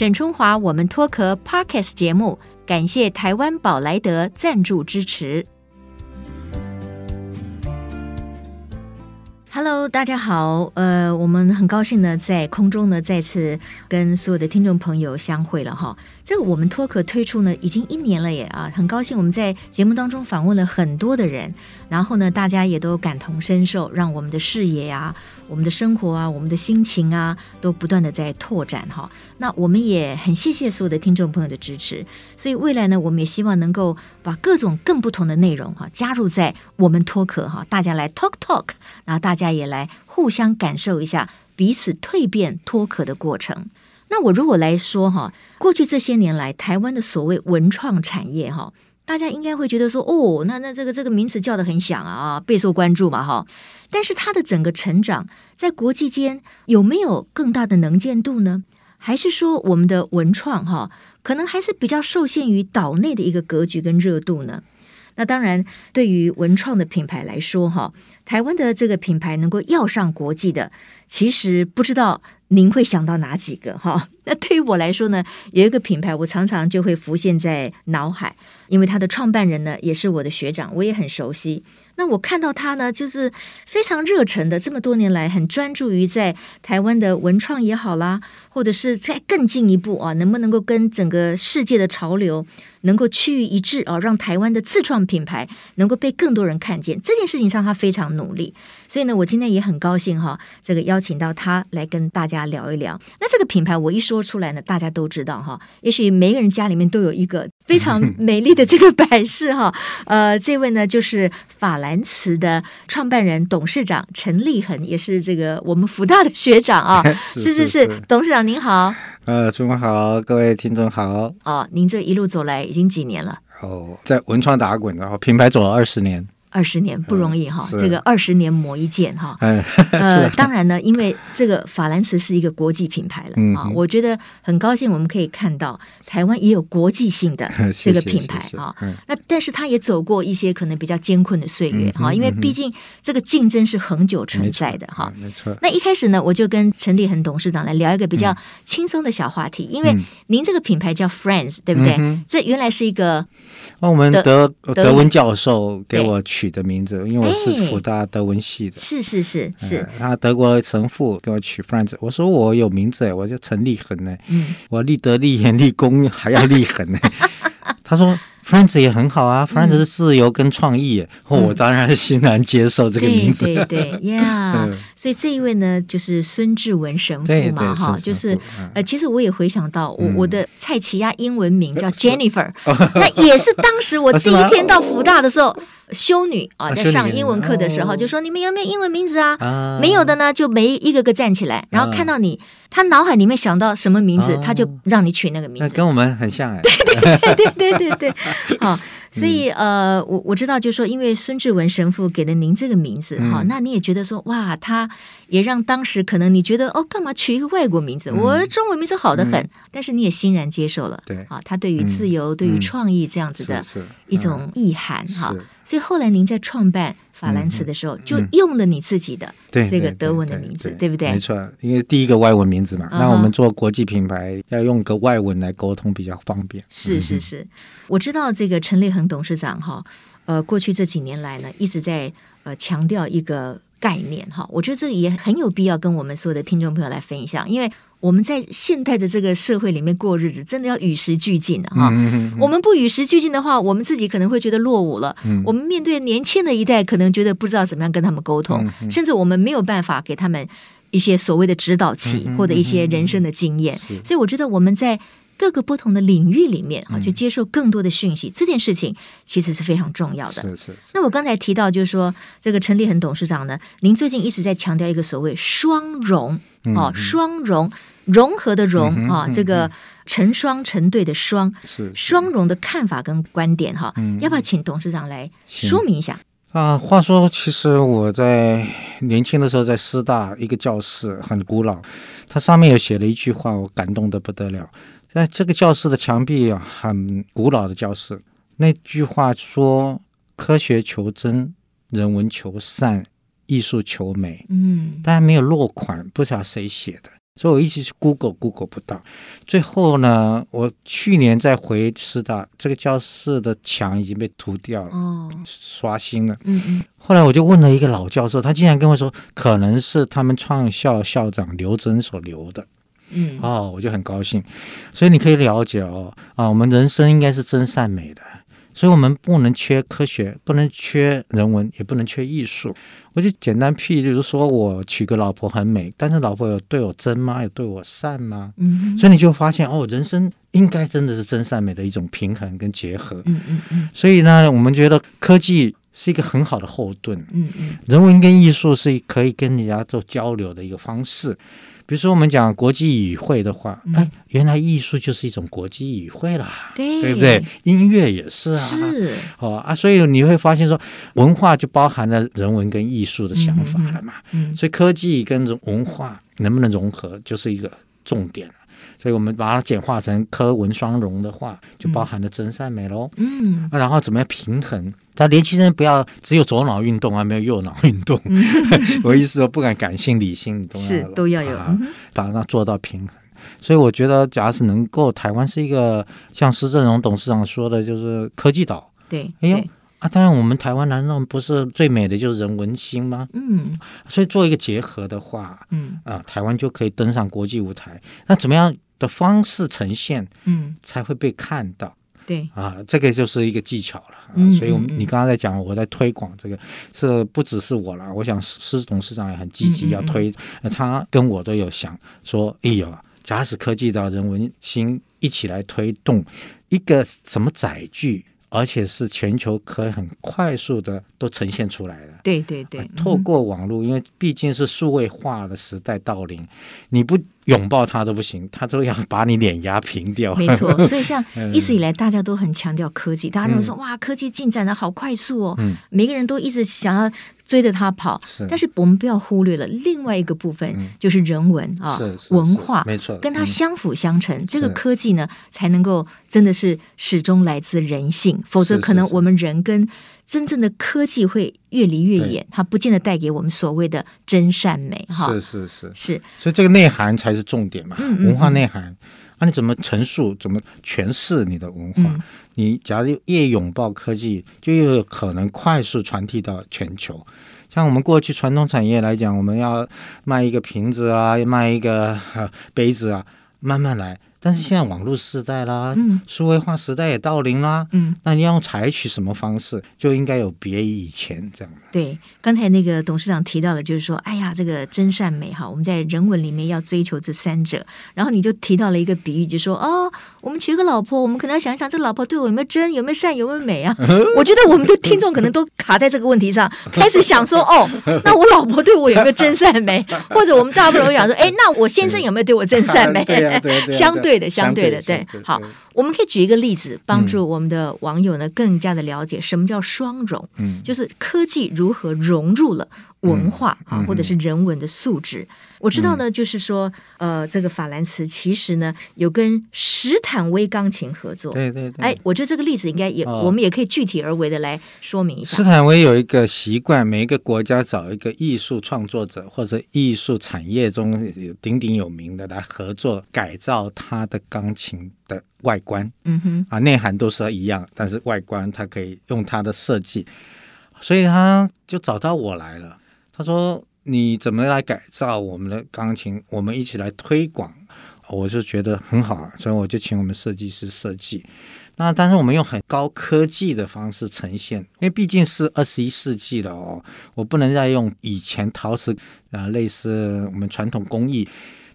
沈春華，我們脫殼 Podcast 節目，感謝台灣寶萊德贊助支持。Hello，大家好，呃，我們很高興呢，在空中呢再次跟所有的聽眾朋友相會了哈。在我們脫殼推出呢已經一年了耶啊，很高興我們在節目當中訪問了很多的人，然後呢大家也都感同身受，讓我們的視野呀、我們的生活啊、我們的心情啊，都不斷地在拓展哈、啊。那我們也很謝謝所有的聽眾朋友的支持，所以未來呢，我們也希望能夠把各種更不同的內容哈加入在我們脫殼哈，大家來 talk talk，然後大家也來互相感受一下彼此蛻變脫殼的過程。那我如果來說哈，過去這些年來，台灣的所謂文創產業哈，大家應該會覺得說哦，那那這個這個名詞叫得很響啊，備受關注嘛哈，但是它的整個成長在國際間有沒有更大的能見度呢？還是說我們的文創哈，可能還是比較受限於島內的一個格局跟熱度呢？那當然，對於文創的品牌來說哈，台灣的這個品牌能夠躍上國際的，其實不知道。您會想到哪幾個哈？那對於我來說呢，有一個品牌我常常就會浮現在腦海，因為他的創辦人呢也是我的學長，我也很熟悉。那我看到他呢，就是非常熱忱的，這麼多年來很專注於在台灣的文創也好啦，或者是再更進一步啊，能不能夠跟整個世界的潮流能夠趨於一致啊，讓台灣的自創品牌能夠被更多人看見，這件事情上他非常努力。所以呢，我今天也很高興哈、啊，這個邀請到他來跟大家。聊一聊，那這個品牌我一說出來呢，大家都知道哈。也許每個人家裡面都有一個非常美麗的這個擺飾哈。 呃，這位呢就是法蘭瓷的創辦人、董事長陳立恆，也是這個我們福大的學長啊。 是是是，是，是是，董事長您好，呃，主管好，各位聽眾好。哦，您這一路走來已經幾年了？哦，在文創打滾的，然、哦、後品牌走了二十年。二十年不容易哈、嗯，這個二十年磨一劍哈、哎啊。呃，當然呢，因為這個法蘭瓷是一個國際品牌了、嗯、啊。我覺得很高興我們可以看到台灣也有國際性的這個品牌，謝謝謝謝、嗯、啊。那但是他也走過一些可能比較艱困的歲月哈、嗯嗯，因為畢竟這個競爭是恆久存在的哈、啊。沒錯。那一開始呢，我就跟陳立恆董事長來聊一個比較輕鬆的小話題，嗯、因為您這個品牌叫 Friends，對不對？嗯、這原來是一個、嗯，那我們德德、德文教授給我去。取的名字，因為我是輔大德文系的，是、欸嗯、是是是，那、嗯、德國神父給我取 Franz 我說我有名字哎，我叫陳立恆哎、嗯，我立德立言立功還要立恆呢。 他說 Franz 也很好啊、嗯、Franz 是自由跟創意、嗯哦，我當然欣然接受這個名字。對對呀，對 yeah, 所以這一位呢，就是孫志文神父嘛哈，就是、嗯、呃，其實我也回想到我、嗯、我的蔡奇亞英文名叫 Jennifer， 是 那也是當時我第一天到輔大的時候。 是嗎 修女啊、哦，在上英文課的時候就說：“你們有沒有英文名字啊、哦？沒有的呢，就沒一個個站起來、哦。然後看到你，他腦海裡面想到什麼名字、哦，他就讓你取那個名字。跟我們很像哎，對對對對對對，對， 好。”所以，呃，我我知道，就是說，因為孫志文神父給了您這個名字，哈、嗯，那你也覺得說，哇，他也讓當時可能你覺得，哦，幹嘛取一個外國名字？嗯、我中文名字好得很、嗯，但是你也欣然接受了，對，啊，他對於自由、嗯、對於創意這樣子的一種意涵，哈、嗯嗯，所以後來您在創辦。法蘭瓷的時候、嗯，就用了你自己的這個德文的名字、嗯，對對對對對對，對不對？沒錯，因為第一個外文名字嘛、嗯，那我們做國際品牌要用個外文來溝通比較方便。是是是，嗯、我知道這個陳立恆董事長哈，呃，過去這幾年來呢，一直在呃強調一個概念哈，我覺得這也很有必要跟我們所有的聽眾朋友來分享，因為。我們在現代的這個社會裡面過日子，真的要與時俱進的、啊、哈、嗯嗯。我們不與時俱進的話，我們自己可能會覺得落伍了。嗯、我們面對年輕的一代，可能覺得不知道怎麼樣跟他們溝通、嗯嗯，甚至我們沒有辦法給他們一些所謂的指導期、嗯、或者一些人生的經驗。嗯嗯嗯、所以我覺得我們在。各個不同的領域裡面，哈，去接受更多的訊息、嗯，這件事情其實是非常重要的，是是是，那我剛才提到，就是說這個陳立恆董事長呢，您最近一直在強調一個所謂雙“雙、嗯、融”哦，“雙融”融合的融、嗯、哼哼哼啊，這個成雙成對的“雙”，是，是“雙融”的看法跟觀點哈、哦嗯，要不要請董事長來說明一下？啊，話說，其實我在年輕的時候在，在師大一個教室，很古老，它上面有寫了一句話，我感動得不得了。在這個教室的牆壁啊，很古老的教室，那句話說：“科學求真，人文求善，藝術求美。”嗯，但沒有落款，不知道誰寫的。所以我一直去 Google，Google Google 不到。最後呢，我去年再回師大，這個教室的牆已經被塗掉了，哦、刷新了、嗯。後來我就問了一個老教授，他竟然跟我說，可能是他們創校校長劉真所留的。嗯哦，我就很高興。所以你可以了解哦，啊，我們人生應該是真善美的。所以我們不能缺科學，不能缺人文，也不能缺藝術。我就簡單譬，例如說我娶個老婆很美，但是老婆有對我真嗎？有對我善嗎？嗯、所以你就發現哦，人生應該真的是真善美的一種平衡跟結合。嗯、所以呢，我們覺得科技是一個很好的後盾、嗯。人文跟藝術是可以跟人家做交流的一個方式。比如說，我們講國際語彙的話，哎、嗯，原來藝術就是一種國際語彙啦，對，對不對？音樂也是啊，是哦啊，所以你會發現說，文化就包含了人文跟藝術的想法了嘛。嗯嗯嗯，所以科技跟文化能不能融合，就是一個重點。所以我們把它簡化成科文雙融的話，就包含了真善美嘍。嗯、啊，然後怎麼樣平衡？但年輕人不要只有左腦運動、啊，而沒有右腦運動。嗯、 我意思說，不管感性理性、啊，是都要有，當、嗯啊、然要做到平衡。所以我覺得，假設能夠，台灣是一個像施振榮董事長說的，就是科技島。對。哎呦啊！當然，我們台灣難道不是最美的就是人文心嗎？嗯。所以做一個結合的話，嗯啊，台灣就可以登上國際舞台。那怎麼樣？的方式呈現，嗯，才會被看到、啊嗯，對啊，這個就是一個技巧了、啊嗯嗯嗯，所以我們你剛剛在講，我在推廣這個，是不只是我了，我想施董事長也很積極要推、嗯，他、嗯、跟我都有想說，哎呦，假使科技到人文心一起來推動一個什麼載具。而且是全球可以很快速的都呈現出來的，對對對。啊、透過網絡、嗯，因為畢竟是數位化的時代到臨，你不擁抱它都不行，它都要把你臉壓平掉。沒錯呵呵，所以像一直以來大家都很強調科技，嗯、大家認為說、嗯、哇，科技進展的好快速哦，嗯、每個人都一直想要。追着他跑，但是我們不要忽略了另外一個部分，就是人文、嗯、啊是是是，文化，沒錯，跟它相輔相成。是是這個科技呢、嗯，才能夠真的是始終來自人性，是是是，否則可能我們人跟真正的科技會越離越遠，它不見得帶給我們所謂的真善美哈、哦。是是是是，所以這個內涵才是重點嘛，嗯嗯嗯文化內涵。那、啊、你怎麼陳述？怎麼詮釋你的文化？嗯、你假如越擁抱科技，就越有可能快速傳遞到全球。像我們過去傳統產業來講，我們要賣一個瓶子啊，賣一個、呃、杯子啊，慢慢來。但是現在網絡時代啦，嗯，數位化時代也到臨啦，嗯，那你要採取什麼方式，就應該有別於以前這樣。對，剛才那個董事長提到的就是說，哎呀，這個真善美哈，我們在人文裡面要追求這三者。然後你就提到了一個比喻，就是說，哦，我們娶個老婆，我們可能要想一想，這老婆對我有沒有真，有沒有善，有沒有美啊？嗯、我覺得我們的聽眾可能都卡在這個問題上， 開始想說，哦，那我老婆對我有沒有真善美？ 或者我們大部分人想說，哎，那我先生有沒有對我真善美？ 對啊對啊對啊對啊、相對。對的，相對的相對對相對，對。好，我們可以舉一個例子，嗯，幫助我們的網友呢更加的了解什麼叫雙融，嗯，就是科技如何融入了，文化啊，或者是人文的素質、嗯嗯，我知道呢，就是說，呃，這個法藍瓷其實呢有跟史坦威鋼琴合作，對對對，哎，我覺得這個例子應該也、哦、我們也可以具體而為的來說明一下。斯坦威有一個習慣，每一個國家找一個藝術創作者或者藝術產業中有鼎鼎有名的來合作改造他的鋼琴的外觀，嗯哼，啊，內涵都是一樣，但是外觀他可以用他的設計，所以他就找到我來了。他說：“你怎麼來改造我們的鋼琴？我們一起來推廣。”我就覺得很好，所以我就請我們設計師設計。那但是我們用很高科技的方式呈現，因為畢竟是二十一世紀的哦，我不能再用以前陶瓷啊，類似我們傳統工藝。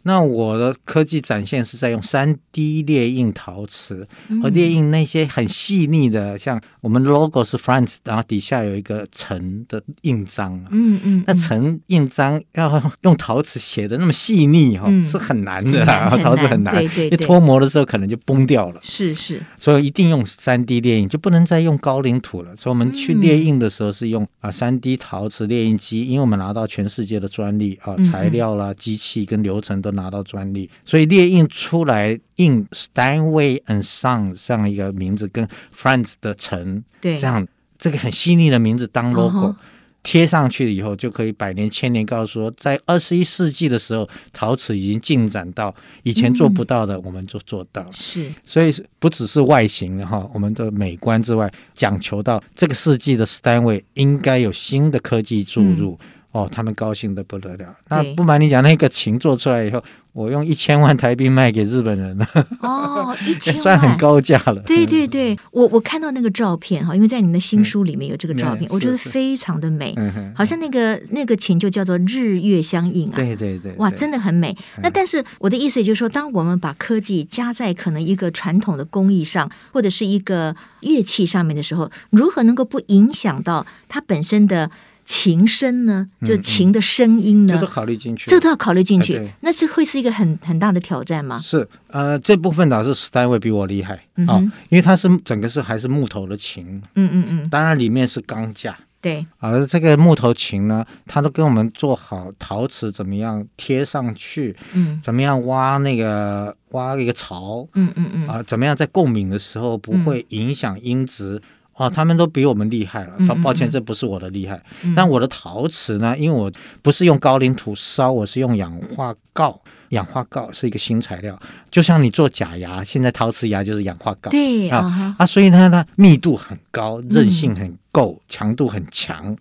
那我的科技展現是在用 3D 列印陶瓷，嗯、和列印那些很細膩的，像我們的 logo 是 France，然後底下有一個陳的印章啊，嗯嗯，那陳印章要用陶瓷寫的那麼細膩哦、嗯，是很難的、嗯、陶瓷很難，一脫模的時候可能就崩掉了，是是，所以一定用 3D 列印，就不能再用高嶺土了。所以我們去列印的時候是用啊 3D 陶瓷列印機、嗯，因為我們拿到全世界的專利啊、嗯，材料啦、機器跟流程都。拿到專利，所以列印出來印 Stanway and Song 這樣一個名字，跟 France 的城，對，這樣這個很細膩的名字當 logo、uh -huh、貼上去以後，就可以百年千年告訴說，在二十一世紀的時候，陶瓷已經進展到以前做不到的，我們就做到是、嗯，所以不只是外形哈，我們的美觀之外，講求到這個世紀的 Stanway 應該有新的科技注入。嗯哦，他們高興得不得了。那不瞞你講，那個琴做出來以後，我用一千萬台幣賣給日本人了。哦，呵呵，一千萬算很高價了。對對對，對對嗯、我我看到那個照片哈，因為在你的新書裡面有這個照片，嗯嗯、我覺得非常的美，嗯、好像那個、嗯、那個琴就叫做日月相映啊。對對對，對，哇，真的很美。嗯、那但是我的意思也就是說，當我們把科技加在可能一個傳統的工藝上，或者是一個樂器上面的時候，如何能夠不影響到它本身的？琴聲呢？就琴的聲音呢？嗯、這，都這都考慮進去，這都要考慮進去。那這會是一個很很大的挑戰嗎？是，呃，這部分倒是斯戴維比我厲害。嗯、哦，因為他是整個是還是木頭的琴，嗯嗯嗯，當然裡面是鋼架。對、嗯，而、嗯呃、這個木頭琴呢，他都跟我們做好陶瓷怎麼樣貼上去，嗯，怎麼樣挖那個挖一個槽，嗯嗯嗯，啊、嗯呃，怎麼樣在共鳴的時候不會影響音質。嗯啊、哦，他們都比我們厲害了。抱歉，這不是我的厲害，嗯、但我的陶瓷呢？因為我不是用高嶺土燒，嗯，我是用氧化鋯，氧化鋯是一個新材料。就像你做假牙，現在陶瓷牙就是氧化鋯，對啊、哦、啊，所以它它密度很高，韌性很夠，嗯、強度很強。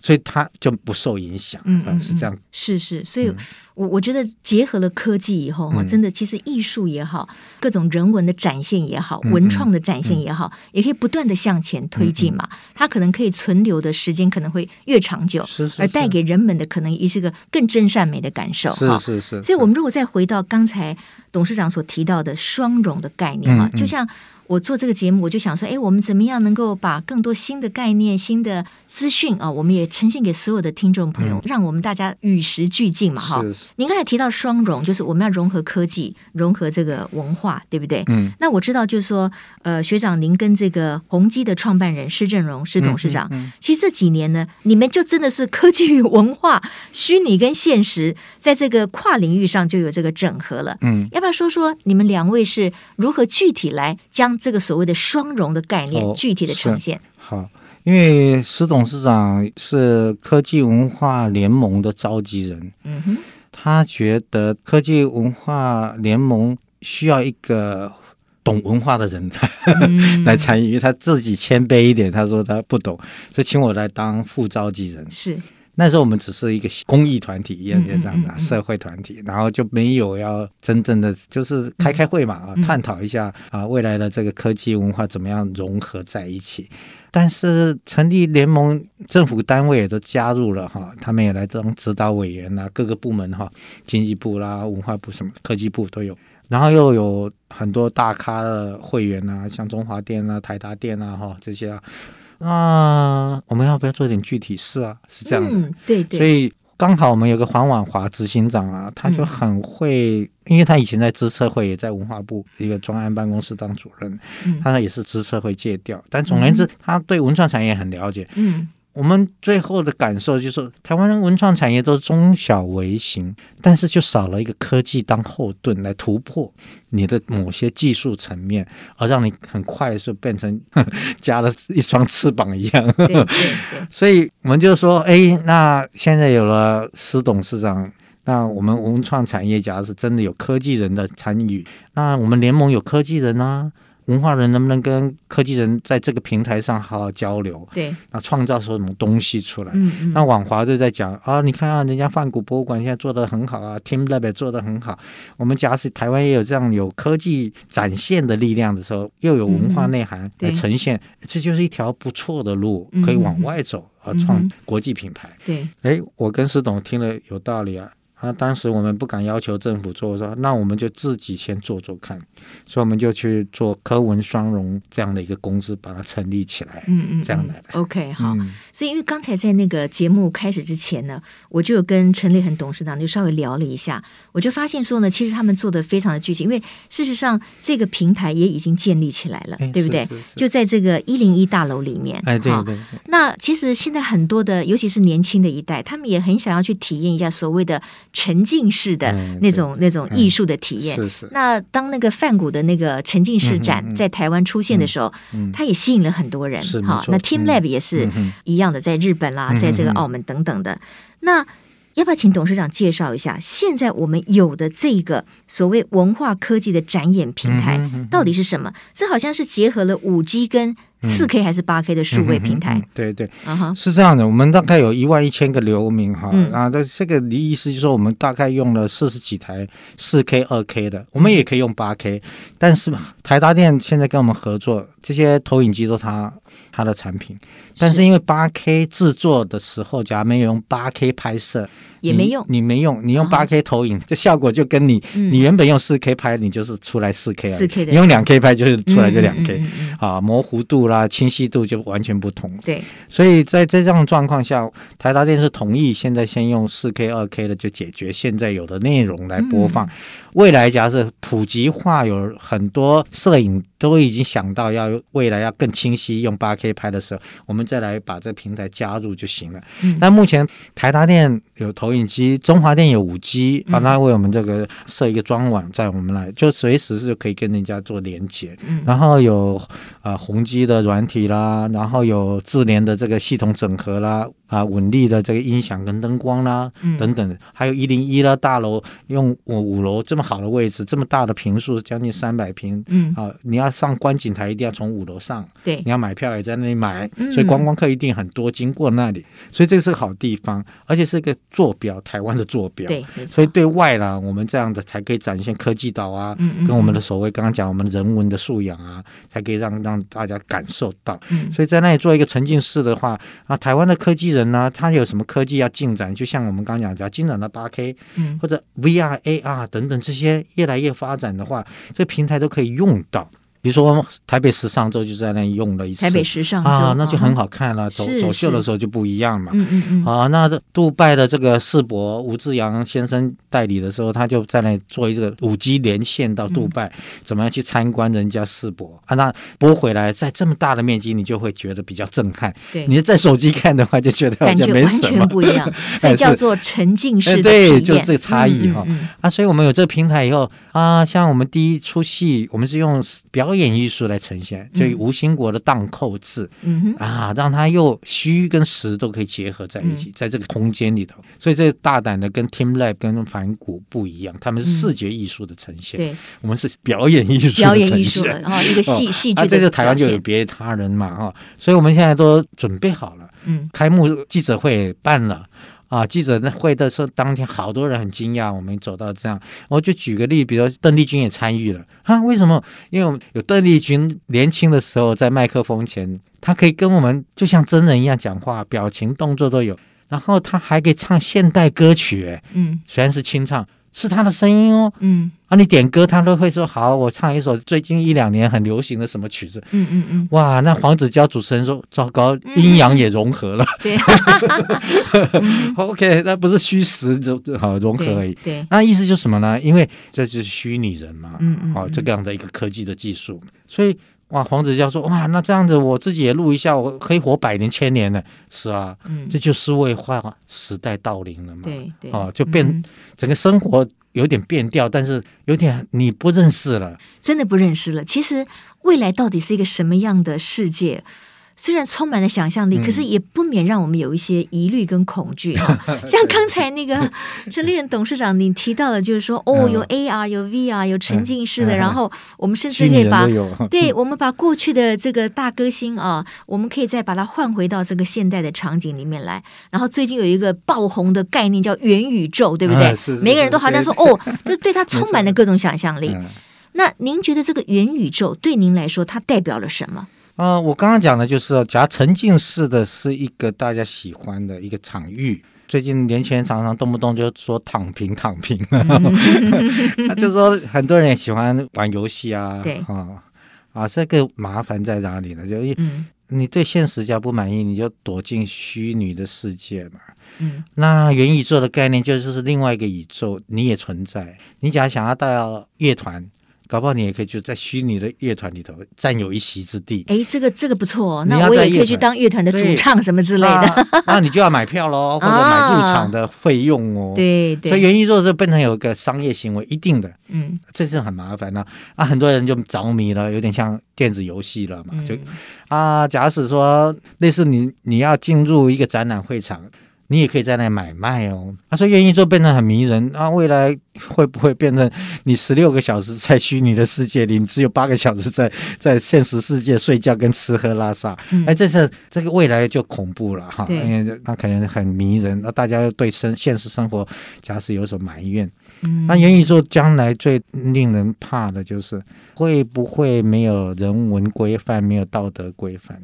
所以它就不受影響。嗯嗯嗯，是這樣。是是，所以我我覺得結合了科技以後哈、嗯，真的，其實藝術也好，各種人文的展現也好，嗯嗯文創的展現也好，嗯嗯也可以不斷的向前推進嘛，嗯嗯。它可能可以存留的時間可能會越長久，是是是，而帶給人們的可能也是個更真善美的感受。是是是，是。所以，我們如果再回到剛才董事長所提到的雙融的概念嘛，嗯嗯就像。我做這個節目，我就想說，哎，我們怎麼樣能夠把更多新的概念、新的資訊啊，我們也呈現給所有的聽眾朋友，讓我們大家與時俱進嘛，哈。是是，您剛才提到雙融，就是我們要融合科技，融合這個文化，對不對？嗯。那我知道，就是說，呃，學長您跟這個宏碁的創辦人施振榮是董事長，嗯嗯嗯，其實這幾年呢，你們就真的是科技與文化、虛擬跟現實在這個跨領域上就有這個整合了。嗯。要不要說說你們兩位是如何具體來將？這個所謂的「雙融」的概念，具體的呈現、哦。好，因為施董事長是科技文化聯盟的召集人，嗯哼，他覺得科技文化聯盟需要一個懂文化的人、嗯、來參與。他自己謙卑一點，他說他不懂，所以請我來當副召集人。是。那時候我們只是一個公益團體，也就這樣的、啊、社會團體，然後就沒有要真正的就是開開會嘛、啊、探討一下啊未來的這個科技文化怎麼樣融合在一起。但是成立聯盟，政府單位也都加入了哈，他們也來當指導委員啊，各個部門哈、啊，經濟部啦、啊、文化部什麼、科技部都有，然後又有很多大咖的會員啊，像中華電啊、台達電啊哈這些、啊。那、呃、我們要不要做點具體事啊？是這樣的，嗯，對對。所以剛好我們有個黃婉華執行長啊，他就很會，嗯、因為他以前在資策會也在文化部一個專案辦公室當主任，嗯、他呢也是資策會借調，但總而言之，他對文創產業很了解，嗯。嗯。我們最後的感受就是，台灣文創產業都是中小微型，但是就少了一個科技當後盾來突破你的某些技術層面，而讓你很快速變成加了一雙翅膀一樣。 所以我們就說，哎，那現在有了施董事長，那我們文創產業假如是真的有科技人的參與，那我們聯盟有科技人啊。文化人能不能跟科技人在這個平台上好好交流？對，那、啊、創造出什麼東西出來？嗯，嗯那網華就在講啊，你看啊，人家梵谷博物館現在做得很好啊，啊，TeamLab 做得很好。我們假使台灣也有這樣有科技展現的力量的時候，又有文化內涵來呈現，嗯、這就是一條不錯的路，可以往外走，啊。創國際品牌、嗯嗯嗯。對，哎，我跟施董聽了有道理啊。啊！當時我們不敢要求政府做，那我們就自己先做做看，所以我們就去做科文雙融這樣的一個公司，把它成立起來。嗯嗯，嗯，這樣的。OK，好，嗯。所以因為剛才在那個節目開始之前呢，我就跟陳立恆董事長就稍微聊了一下，我就發現說呢，其實他們做的非常的劇情，因為事實上這個平台也已經建立起來了，哎，對不對是是是？就在這個一零一大樓裡面。哎，對對，對。那其實現在很多的，尤其是年輕的一代，他們也很想要去體驗一下所謂的。沉浸式的那種、嗯、那種藝術的體驗。嗯、是是，那當那個梵谷的那個沉浸式展在台灣出現的時候，嗯嗯嗯、它也吸引了很多人。好，那 Team Lab 也是一樣的，嗯、在日本啦、啊嗯，在這個澳門等等的。那要不要請董事長介紹一下？現在我們有的這個所謂文化科技的展演平台、嗯嗯嗯、到底是什麼？這好像是結合了五 G 跟。四 K 還是八 K 的數位平台？嗯嗯、對對、嗯，是這樣的，我們大概有一萬一千個流明哈、嗯、啊，那這個的意思就是說，我們大概用了四十幾台四 K、二 K 的，我們也可以用八 K，但是台達電現在跟我們合作，這些投影機都是他，他的產品，但是因為八 K 製作的時候，假如沒有用八 K 拍攝，也沒用，你，你沒用，你用八 K 投影，這、哦、效果就跟你、嗯、你原本用四 K 拍，你就是出來四 K 啊，四 K 的，你用兩 K 拍就是出來就兩 K。嗯嗯嗯嗯啊，模糊度啦，清晰度就完全不同。對，所以在這種狀況下，台達電是同意現在先用四 K、二 K 的就解決現在有的內容來播放。嗯、未來假設普及化，有很多攝影都已經想到要未來要更清晰，用八 K 拍的時候，我們再來把這平台加入就行了。嗯、但那目前台達電有投影機，中華電有五 G，把它為我們這個設一個專網，在我們來、嗯、就隨時是可以跟人家做連接。嗯、然後有。啊、呃，宏碁的軟體啦，然後有智聯的這個系統整合啦，啊，穩力的這個音響跟燈光啦、嗯，等等，還有一零一的大樓，用我五樓這麼好的位置，這麼大的坪數，將近三百坪。嗯，啊，你要上觀景台一定要從五樓上，對，你要買票也在那裡買，嗯，所以觀光客一定很多經過那裡，嗯、所以這是個好地方，而且是一個坐標，台灣的坐標，對，所以對外啦，我們這樣的才可以展現科技島啊，嗯嗯嗯，跟我們的所謂剛剛講我們人文的素養啊，才可以讓。讓大家感受到，嗯，所以在那裡做一個沉浸式的話，啊，台灣的科技人呢，他有什麼科技要進展？就像我們剛講，只要進展到八 K，嗯，或者 VR、AR 等等這些越來越發展的話，這平台都可以用到。比如說台北時尚周就在那用了一次，台北時尚周啊，那就很好看了。啊、走是是走秀的時候就不一樣嘛。嗯嗯嗯、啊，那杜拜的這個世博，吳志陽先生代理的時候，他就在那裡做一個五 G 連線到杜拜、嗯，怎麼樣去參觀人家世博、嗯？啊，那撥回來在這麼大的面積，你就會覺得比較震撼。對，你在手機看的話就覺得好像沒什麼，感覺完全不一樣，所以叫做沉浸式體驗、嗯、對，就是這個差異哈、嗯嗯嗯。啊，所以我們有這個平台以後啊，像我們第一出戲，我們是用表。表演藝術來呈現，就以吳興國的蕩寇志，啊，讓他又虛跟實都可以結合在一起、嗯，在這個空間裡頭，所以這大膽的跟 team lab 跟梵谷不一樣，他們是視覺藝術的呈現，對、嗯，我們是表演藝術的呈現表演藝術的呈現、哦、一個戲戲劇個、哦啊，這就、個、台灣就有別他人嘛哈、哦，所以我們現在都準備好了，了嗯，開幕記者會辦了。啊，記者那會的時候，當天好多人很驚訝，我們走到這樣。我就舉個例，比如鄧麗君也參與了，啊，為什麼？因為我們有鄧麗君年輕的時候在麥克風前，她可以跟我們就像真人一樣講話，表情動作都有。然後她還可以唱現代歌曲，欸，嗯，雖然是清唱。是他的聲音哦，嗯啊，你點歌他都會說好，我唱一首最近一兩年很流行的什麼曲子。嗯嗯嗯，哇，那黃子佼主持人說，糟糕，陰、嗯、陽也融合了，嗯、對、 嗯、，OK，那不是虛實就融合而已，對，對，那意思就是什麼呢？因為這就是虛擬人嘛，嗯，好、嗯啊，這樣的一個科技的技術，所以。哇，黃子佼說：“哇，那這樣子我自己也錄一下，我可以活百年千年了。”是啊，嗯，這就是為劃時代到臨了嘛？對對，啊，就變、嗯、整個生活有點變調，但是有點你不認識了，真的不認識了。其實未來到底是一個什麼樣的世界？雖然充滿了想象力，可是也不免讓我們有一些疑慮跟恐懼、嗯。像剛才那個陳立恆董事長，你提到的，就是說、嗯、哦，有 AR，有 VR，有沉浸式的，嗯嗯嗯、然後我們甚至可以把，對我們把過去的這個大歌星啊，我們可以再把它換回到這個現代的場景裡面來。然後最近有一個爆紅的概念叫元宇宙，對不對？嗯、是是是是每個人都好像說對對對哦，就是、對它充滿了各種想象力、嗯。那您覺得這個元宇宙對您來說，它代表了什麼？啊、呃，我剛剛講的就是，假如沉浸式的是一個大家喜歡的一個場域，最近年輕人常常動不動就說躺平躺平哈，嗯、呵呵 他就說很多人也喜歡玩遊戲啊，對啊、哦、啊，這個麻煩在哪裡呢？就、嗯、你對現實家不滿意，你就躲進虛擬的世界嘛。嗯、那元宇宙的概念就是另外一個宇宙，你也存在。你假如想要到樂團。搞不好你也可以就在虛擬的樂團裡頭占有一席之地。哎，這個這個不錯，那我也可以去當樂團的主唱什麼之類的。呃 啊、那你就要買票嘍，或者買入場的費用哦、啊。對對。所以元宇宙就是變成有個商業行為，一定的，嗯，這是很麻煩的啊、嗯、啊！很多人就着迷了，有點像電子遊戲了嘛。就、嗯、啊，假使說類似你你要進入一個展覽會場。你也可以在那買賣哦。他說，元宇宙變成很迷人，那、啊、未來會不會變成你十六個小時在虛擬的世界裡，你只有八個小時在在現實世界睡覺跟吃喝拉撒、嗯？哎，這是這個未來就恐怖了哈。對，那可能很迷人，那大家又對生現實生活假使有所埋怨、嗯。那元宇宙將來最令人怕的就是會不會沒有人文規範，沒有道德規範？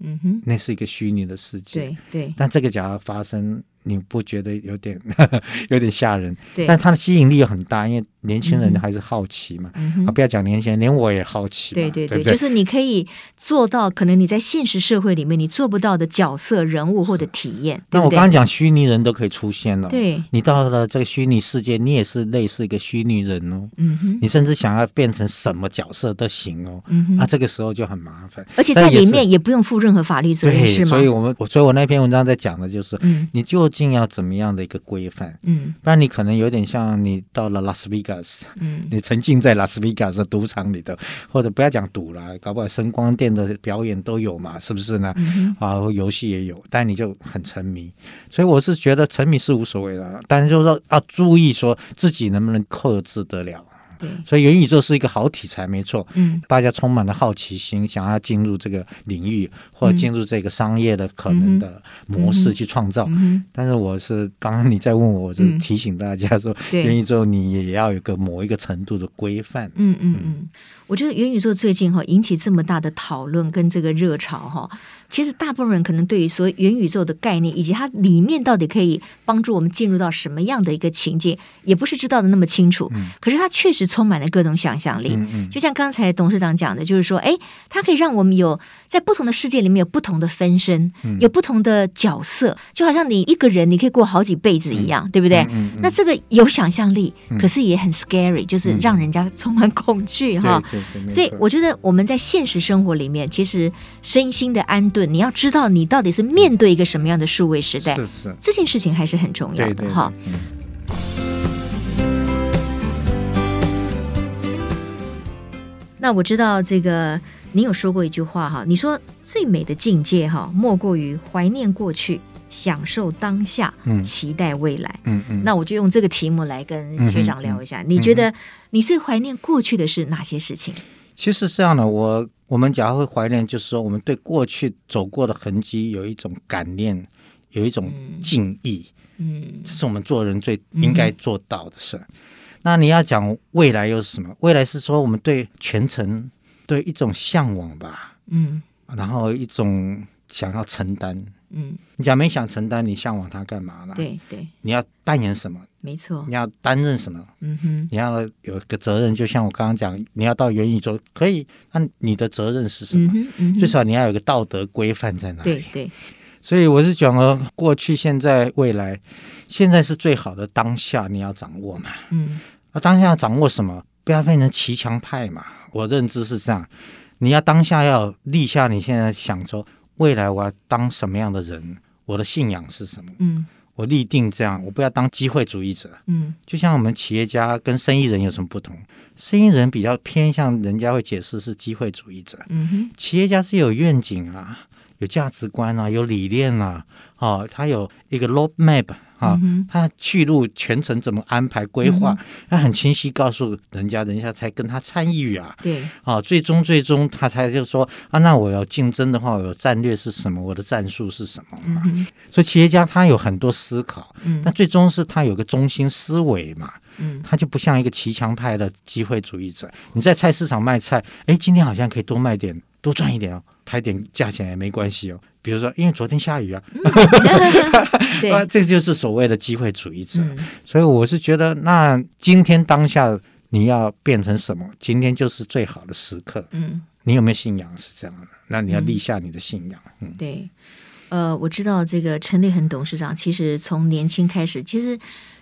嗯哼，那是一個虛擬的世界。對對，但這個假如發生。你不覺得有點 有點嚇人？對，但它的吸引力又很大，因為年輕人還是好奇嘛、嗯。啊，不要講年輕人，連我也好奇。對對對，對，對，就是你可以做到可能你在現實社會裡面你做不到的角色、人物或者體驗。對對但我剛剛講虛擬人都可以出現了、哦，對，你到了這個虛擬世界，你也是類似一個虛擬人哦。嗯你甚至想要變成什麼角色都行哦。嗯那、啊、這個時候就很麻煩，而且在裡面也,也不用負任何法律責任是嗎？所以我們我所以我那篇文章在講的就是，嗯、你就。要怎麼樣的一個規範？嗯，不然你可能有點像你到了拉斯維加斯，嗯，你沉浸在拉斯維加斯的賭場裡頭，或者不要講賭了，搞不好聲光電的表演都有嘛，是不是呢？嗯、啊，遊戲也有，但你就很沉迷。所以我是覺得沉迷是無所謂的，但就是就說要注意，說自己能不能克制得了。所以元宇宙是一個好題材，沒錯。嗯，大家充滿了好奇心、嗯，想要進入這個領域，或者進入這個商業的可能的模式去創造。嗯、但是我是剛剛你在問我，我就是提醒大家說、嗯，元宇宙你也要有個某一個程度的規範。嗯嗯嗯，我覺得元宇宙最近哈引起這麼大的討論跟這個熱潮哈。其實大部分人可能對於所謂元宇宙的概念，以及它裡面到底可以幫助我們進入到什麼樣的一個情境，也不是知道的那麼清楚，嗯。可是它確實充滿了各種想象力，嗯嗯。就像剛才董事長講的，就是說，誒，它可以讓我們有在不同的世界裡面有不同的分身，嗯，有不同的角色，就好像你一個人你可以過好幾輩子一樣，嗯，對不對，嗯嗯嗯？那這個有想象力，嗯，可是也很 scary，就是讓人家充滿恐懼哈，嗯哦。所以我覺得我們在現實生活裡面，其實身心的安。對，你要知道你到底是面對一個什麼樣的數位時代，是是，這件事情還是很重要的哈。那我知道這個，你有說過一句話哈，你說最美的境界哈，莫過於懷念過去，享受當下，嗯、期待未來。嗯嗯，那我就用這個題目來跟學長聊一下，嗯、你覺得你最懷念過去的是哪些事情？其實這樣的，我我們假如會懷念，就是說我們對過去走過的痕跡有一種感念、嗯，有一種敬意，嗯，這是我們做人最應該做到的事。嗯、那你要講未來又是什麼？未來是說我們對全程對一種嚮往吧，嗯，然後一種想要承擔，嗯，你假如沒想承擔，你嚮往它幹嘛呢？對對，你要扮演什麼？沒錯，你要擔任什麼？嗯哼，你要有個責任，就像我剛剛講，你要到元宇宙可以，那你的責任是什麼？嗯嗯，最少你要有個道德規範在那裡。對對，所以我是講了過去、現在、未來，現在是最好的當下，你要掌握嘛。嗯，啊，當下要掌握什麼？不要變成騎牆派嘛。我認知是這樣，你要當下要立下，你現在想說未來我要當什麼樣的人，我的信仰是什麼？嗯。我立定這樣，我不要當機會主義者。嗯，就像我們企業家跟生意人有什麼不同？生意人比較偏向人家會解釋是機會主義者。嗯哼，企業家是有願景啊，有價值觀啊，有理念啊。好、哦，他有一個 road map。啊、哦嗯，他去路全程怎麼安排規劃，嗯？他很清晰告訴人家，人家才跟他參與啊。對、嗯、啊、哦，最終最終他才就說啊，那我要競爭的話，我的戰略是什麼？我的戰術是什麼嘛？嗯，所以企業家他有很多思考，嗯，但最終是他有個中心思維嘛。嗯，他就不像一個騎牆派的機會主義者。你在菜市場賣菜，哎，今天好像可以多賣點多賺一點哦。抬點價錢也沒關係哦，比如說，因為昨天下雨啊，嗯 嗯、對， 這就是所謂的機會主義者。嗯、所以我是覺得，那今天當下你要變成什麼？今天就是最好的時刻。嗯，你有沒有信仰是這樣的？那你要立下你的信仰。嗯，嗯對，呃，我知道這個陳立恆董事長，其實從年輕開始，其實。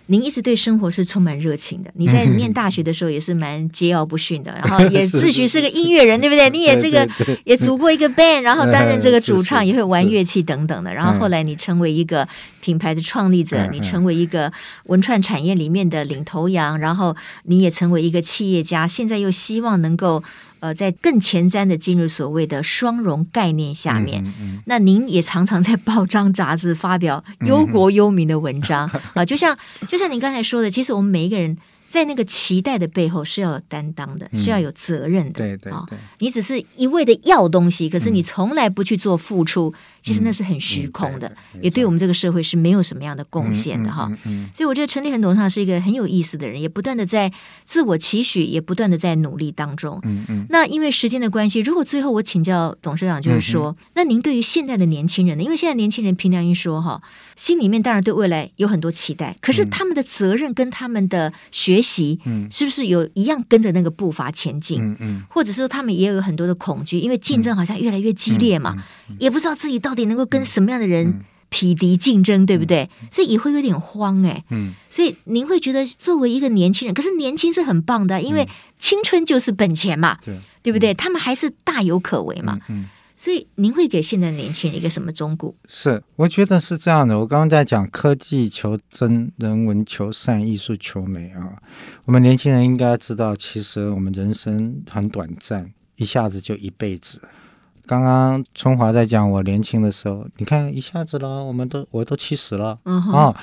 您一直對生活是充滿熱情的。你在念大學的時候也是蠻桀驁不馴的，嗯，然後也自詡是個音樂人，對不對？你也這個對對對，也組過一個 band、嗯、然後擔任這個主唱，也會玩樂器等等的。然後後來你成為一個品牌的創立者，嗯、你成為一個文創產業裡面的領頭羊，嗯嗯，然後你也成為一個企業家。現在又希望能夠呃，在更前瞻的進入所謂的雙融概念下面，嗯嗯嗯。那您也常常在報章雜誌發表憂國憂民的文章啊、嗯嗯呃，就像。就就像你剛才說的，其實我們每一個人在那個期待的背後是要有擔當的，嗯，是要有責任的。對對對。哦，你只是一味的要東西，可是你從來不去做付出。嗯嗯其實那是很虛空的， 也對我們這個社會是沒有什麼樣的貢獻的哈嗯嗯嗯嗯嗯嗯。所以我覺得陳立恆董事長是一個很有意思的人，也不斷的在自我期許，也不斷的在努力當中。嗯嗯那因為時間的關係，如果最後我請教董事長，就是說，嗯嗯那您對於現在的年輕人，呢？因為現在年輕人憑良心說哈，心裡面當然對未來有很多期待，可是他們的責任跟他們的學習，是不是有一樣跟着那個步伐前進？嗯嗯嗯嗯或者說他們也有很多的恐懼，因為競爭好像越來越激烈嘛，嗯嗯嗯嗯嗯嗯也不知道自己到。得能夠跟什麼樣的人匹敵競爭，嗯、對不對、嗯？所以也會有點慌哎、欸。嗯，所以您會覺得作為一個年輕人，可是年輕是很棒的，因為青春就是本錢嘛，對、嗯、對不對、嗯？他們還是大有可為嘛嗯。嗯，所以您會給現在年輕人一個什麼忠告？是，我覺得是這樣的。我剛剛在講科技求真、人文求善、藝術求美啊。我們年輕人應該知道，其實我們人生很短暫，一下子就一輩子。剛剛春華在講我年輕的時候，你看一下子了，我們都我都七十了啊。uh -huh. 哦，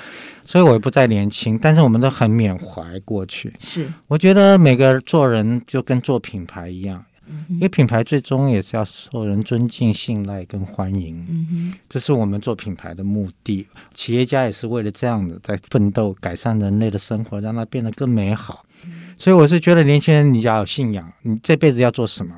所以我也不再年輕，但是我們都很緬懷過去。是，我覺得每個做人就跟做品牌一樣，uh -huh. 因為品牌最終也是要受人尊敬、信賴跟歡迎。Uh -huh. 這是我們做品牌的目的。企業家也是為了這樣的在奮鬥，改善人類的生活，讓它變得更美好。Uh -huh. 所以我是覺得年輕人你要有信仰，你這輩子要做什麼，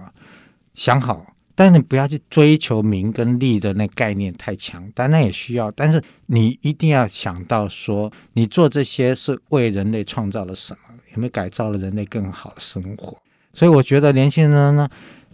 想好。但是你不要去追求名跟利的那概念，太強，但那也需要。但是你一定要想到說，你做這些是為人類創造了什麼？有沒有改造了人類更好的生活？所以我覺得年輕人呢，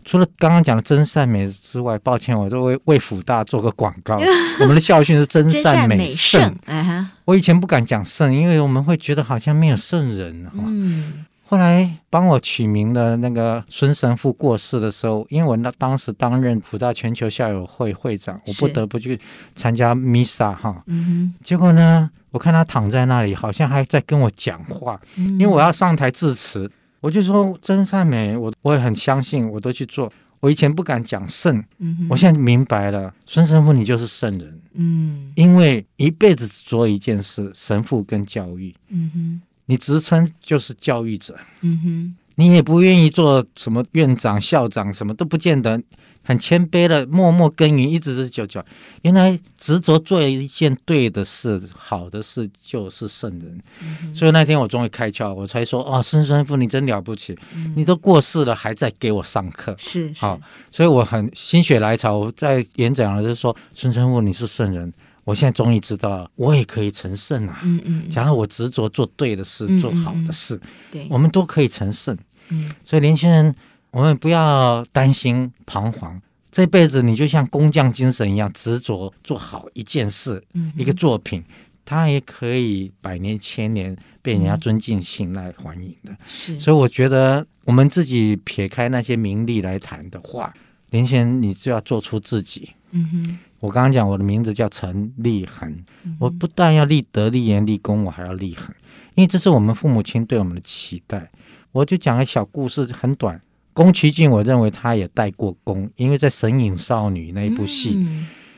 除了剛剛講的真善美之外，抱歉，我為為輔大做個廣告。 我們的校訓是真善美聖、哎。我以前不敢講聖，因為我們會覺得好像沒有聖人、嗯啊後來幫我取名的那個孫神父過世的時候，因為我那當時擔任輔大全球校友會會長，我不得不去參加彌撒哈。嗯哼。結果呢，我看他躺在那裡，好像還在跟我講話，嗯。因為我要上台致辭，我就說真善美，我我也很相信，我都去做。我以前不敢講聖，嗯，我現在明白了，孫神父你就是聖人，嗯，因為一輩子只做一件事，神父跟教育，嗯哼。你職稱就是教育者，嗯哼，你也不願意做什麼院長、校長，什麼都不見得，很謙卑的默默耕耘，一直是九九，原來執着做一件對的事，好的事，就是聖人。嗯。所以那天我終於開竅，我才說哦，孫師傅你真了不起，嗯，你都過世了還在給我上課，是，是，好。所以我很心血來潮，我在演講的時候說，孫師傅你是聖人。我現在終於知道，我也可以成聖啊！嗯嗯，只要我執着做對的事，嗯嗯，做好的事，嗯嗯，對，我們都可以成聖。嗯，所以年輕人，我們不要擔心彷徨，嗯，這輩子你就像工匠精神一樣，執着做好一件事，嗯嗯，一個作品，它也可以百年千年被人家尊敬、信賴、歡迎的。嗯。是，所以我覺得我們自己撇開那些名利來談的話，年輕人你就要做出自己。嗯哼，我剛剛講我的名字叫陳立恆，嗯，我不但要立德立言立功，我還要立恆，因為這是我們父母親對我們的期待。我就講個小故事，很短。宮崎駿，我認為他也帶過宮，因為在《神隱少女》那一部戲，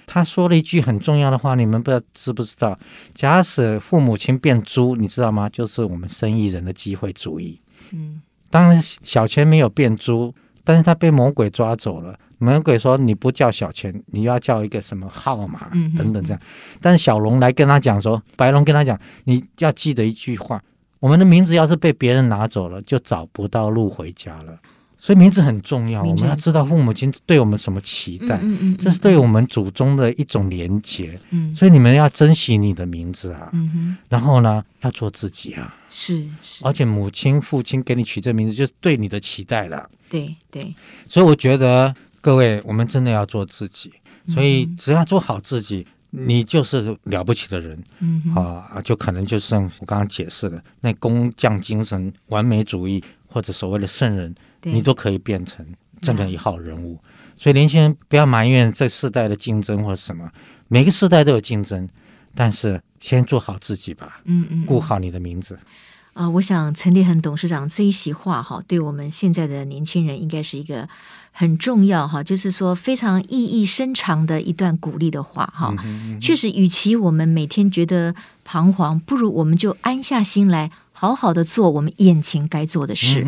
他、嗯嗯、說了一句很重要的話，你們不知道知不知道？假使父母親變豬，你知道嗎？就是我們生意人的機會主義。嗯，當然小錢沒有變豬。但是他被魔鬼抓走了。魔鬼說：“你不叫小錢，你要叫一個什麼號碼、嗯、等等這樣。”但是小龍來跟他講說：“白龍跟他講，你要記得一句話，我們的名字要是被別人拿走了，就找不到路回家了。”所以名字很重要，我們要知道父母親對我們什麼期待，嗯嗯嗯、這是對我們祖宗的一種連結、嗯。所以你們要珍惜你的名字啊，嗯、然後呢，要做自己啊。是是，而且母親、父親給你取這名字，就是對你的期待了。對對，所以我覺得各位，我們真的要做自己。所以只要做好自己，嗯、你就是了不起的人。嗯好啊，就可能就是我剛剛解釋的那工匠精神、完美主義。或者所謂的聖人，你都可以變成真正一號人物，嗯。所以年輕人不要埋怨這世代的競爭或者什麼，每個世代都有競爭，但是先做好自己吧。嗯嗯，嗯。顧好你的名字啊，呃！我想陳立恆董事長這一席話哈，對我們現在的年輕人應該是一個很重要哈，就是說非常意義深長的一段鼓勵的話哈，嗯嗯嗯。確實，與其我們每天覺得彷徨，不如我們就安下心來。好好的做我們眼前該做的事，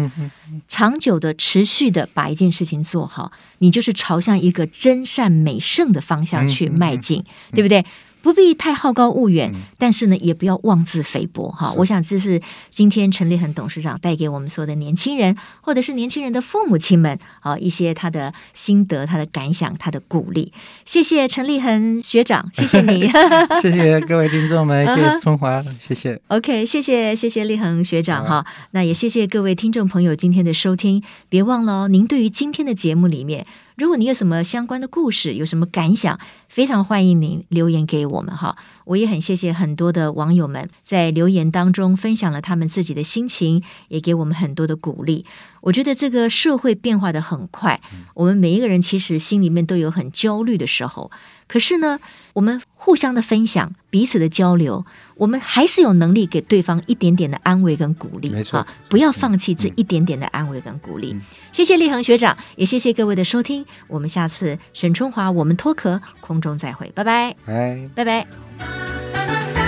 長久的、持續的把一件事情做好，你就是朝向一個真善美聖的方向去邁進，嗯嗯嗯、對不對？不必太好高騖遠、嗯，但是呢，也不要妄自菲薄哈、哦。我想這是今天陳立恆董事長帶給我們所有的年輕人，或者是年輕人的父母親們啊、哦，一些他的心得、他的感想、他的鼓勵。謝謝陳立恆學長，謝謝你， 謝謝各位聽眾們， 謝謝春華、uh -huh，謝謝。OK，謝謝謝謝立恆學長哈、uh -huh. 哦，那也謝謝各位聽眾朋友今天的收聽，別忘了、哦、您對於今天的節目裡面。如果你有什麼相關的故事，有什麼感想，非常歡迎您留言給我們哈。我也很謝謝很多的網友們在留言當中分享了他們自己的心情，也給我們很多的鼓勵。我覺得這個社會變化的很快，我們每一個人其實心裡面都有很焦慮的時候。可是呢，我們互相的分享，彼此的交流，我們還是有能力給對方一點點的安慰跟鼓勵。沒錯、啊，不要放棄這一點點的安慰跟鼓勵、嗯。謝謝立恆學長、嗯，也謝謝各位的收聽。我們下次沈春華，我們 Talk 客空中再會，拜拜，拜、哎、拜，拜拜。